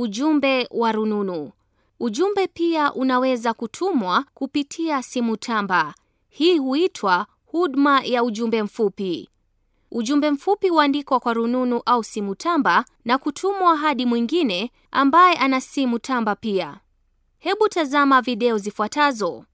Ujumbe wa rununu. Ujumbe pia unaweza kutumwa kupitia simu tamba. Hii huitwa huduma ya ujumbe mfupi. Ujumbe mfupi huandikwa kwa rununu au simu tamba na kutumwa hadi mwingine ambaye ana simu tamba pia. Hebu tazama video zifuatazo.